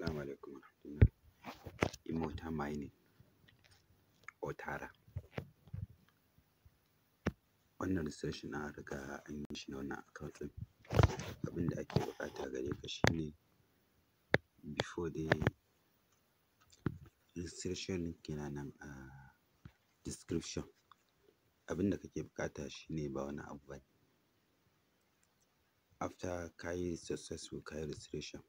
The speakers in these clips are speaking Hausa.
Assalamu alaikum warahmatullahi mining Otara wannan research na riga an yi shi na wannan account ɗin abin da ake buƙata gare ka shine before dai registration link nan a description abin da kake buƙata shine ba wani abu bane after kayi yi successful kai registration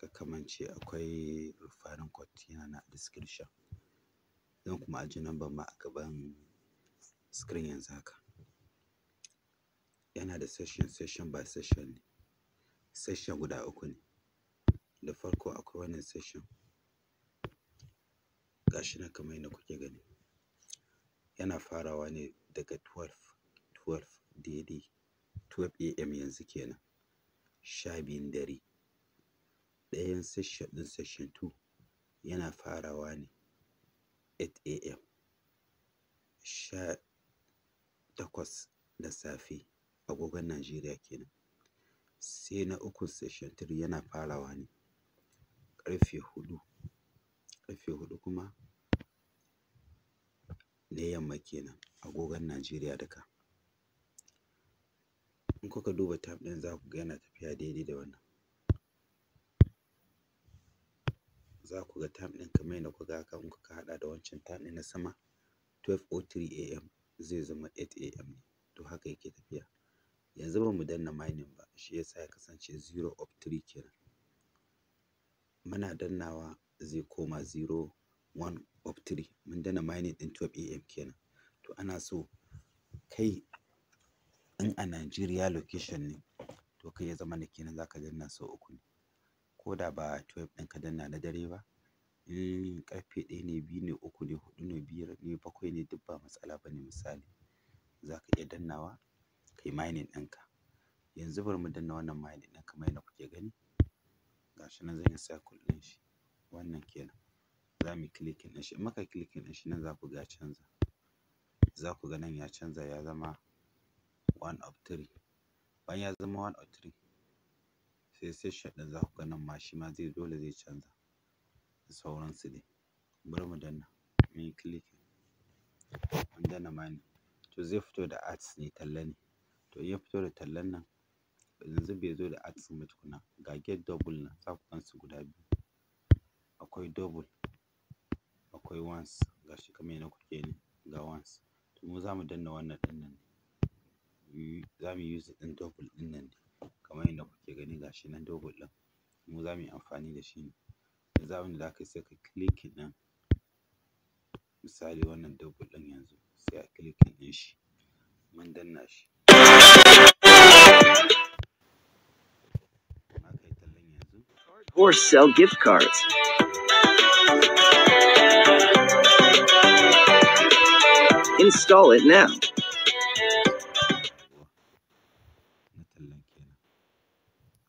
ka kamance akwai rufarin kwatina yana na description zan kuma aji number ma a gaban screen yanzu haka yana da session session by session ne session guda uku ne da farko akwai wannan session gashi na kamar yadda kuke gani yana farawa ne daga 12 12 daidai 12 am yanzu kenan sha biyun dare ɗayan session ɗin session 2 yana farawa ne 8 am sha takwas da safe agogon Najeriya kenan sai na uku session 3 yana farawa ne ƙarfe hudu ƙarfe hudu kuma na yamma kenan agogon Najeriya duka in kuka duba time ɗin za ku ga yana tafiya daidai da wannan za ku ga time ɗin kamar yadda kuka ga haka in kuka haɗa da wancan time ɗin na sama 12:03 am zai zama 8 am to haka yake tafiya yanzu ba mu danna mining ba shi yasa ya kasance 0 of 3 kenan muna dannawa zai koma 0 1 of 3 mun danna mining ɗin 12 am kenan to ana so kai in a Najeriya location ne to kai ya zama na kenan za ka danna sau uku ne ko da ba twelve ɗin ka danna na dare ba in eh, ƙarfe ɗaya ne biyu ne uku ne huɗu ne biyar ne bakwai ne duk ba matsala ba ne misali za ka iya dannawa ka yi mining ɗinka yanzu bari mu danna wannan mining ɗin kamar yadda kuke gani ga shi nan zan yi circle ɗin shi wannan kenan za mu yi clicking ɗin shi in muka clicking ɗin shi nan za ku ga ya canza za ku ga nan ya canza ya zama one of three bayan ya zama one of three sai session ɗin za ku ga nan ma shi ma zai dole zai canza da sauransu dai bari mu danna mun yi clicking mun danna ne. to zai fito da ads ne talla ne to in ya fito da tallan nan yanzu bai zo da ads ba tukuna ga get double nan za ku gan guda biyu akwai double akwai once ga shi kamar yadda kuke ne ga once to mu za mu danna wannan ɗin nan za mu yi using ɗin double ɗin nan ne kamar yadda gani gashi nan mu zamu yi amfani da shi misali wannan yanzu sai a shi mun danna shi or sell gift cards. Install it now.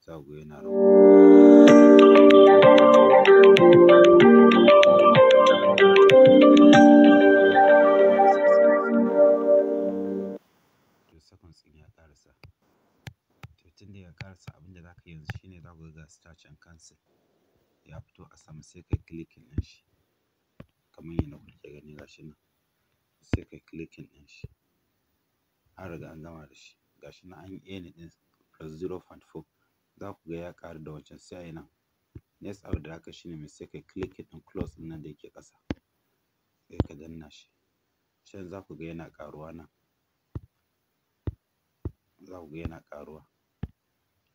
za ku ga yana ya da ya karasa abin da za ka yanzu shine ga start and ya fito a sama sai kai klikin ɗin shi kamar yadda kuke gani ga shi nan sai kai klikin ɗin shi an riga an gama da shi ga shi nan an yi earning ɗin 0.4 za ku ga ya ƙaru da wancan sai ayi nan next abu da zaka shine mai sai kai clicking and close ɗin nan da yake ƙasa sai ka danna shi can za ku ga yana ƙaruwa nan za ku ga yana ƙaruwa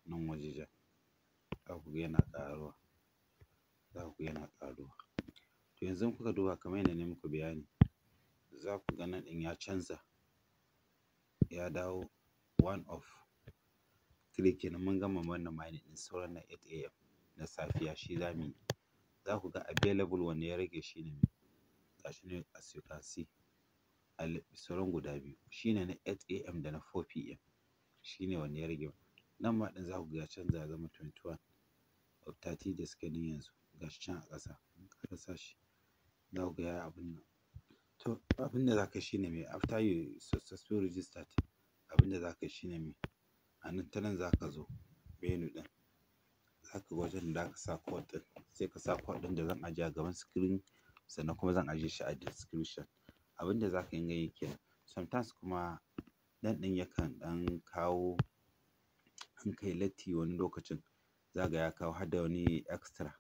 nan wajejen za ku ga yana ƙaruwa za ku ga yana ƙaruwa to yanzu kuka duba kamar yadda na muku bayani za ku ga nan ɗin ya canza ya dawo one of 3 kenan mun gama wannan mining ɗin sauran na 8 am na safiya shi za mu yi za ku ga available wanda ya rage shi ne ga shi ne as you can see sauran guda biyu shi ne na 8 am da na 4 pm shi ne wanda ya rage nan ma ɗin za ku ga ya canza ya zama 21 of 30 da suka nan yanzu ga shi can a ƙasa in ka sa shi za ku ga ya abin nan to abin da za ka shi ne mai after you successfully registered abin da za ka shi ne mai a nan ta nan za ka zo menu ɗin za ka ga wajen da ka sa ɗin sai ka sa kod ɗin da zan ajiye a gaban screen sannan kuma zan ajiye shi a description abin da za ka yi yi kenan sometimes kuma ɗan ɗin yakan ɗan kawo in kai latti wani lokacin za ga ya kawo har da wani extra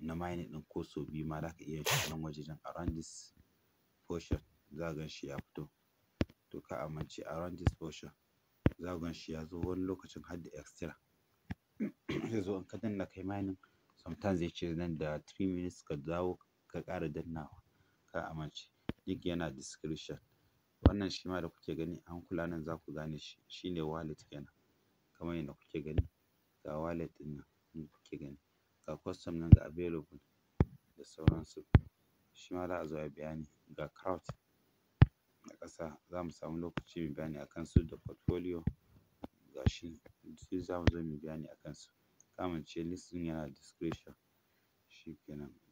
na mining ɗin ko sau biyu ma za ka iya shi nan wajejen around this portion za ka shi ya fito to ka amince around this portion za ka ganshi ya zo wani lokacin har da extra zai zo in ka danna kai mining sometimes zai ce nan da three minutes ka dawo ka ƙara dannawa ka amince link yana description wannan shi ma da kuke gani an kula nan za ku gane shi Shi ne wallet kenan kamar yadda kuke gani ga wallet ɗin nan kuke gani ga custom nan ga available da sauransu shi ma za a zo ayi bayani ga crowd ƙasa za mu samu lokaci mu yi bayani a kansu da portfolio ga shi za mu zo mu yi bayani a kansu. Ka ce list ɗin yana description shi kenan.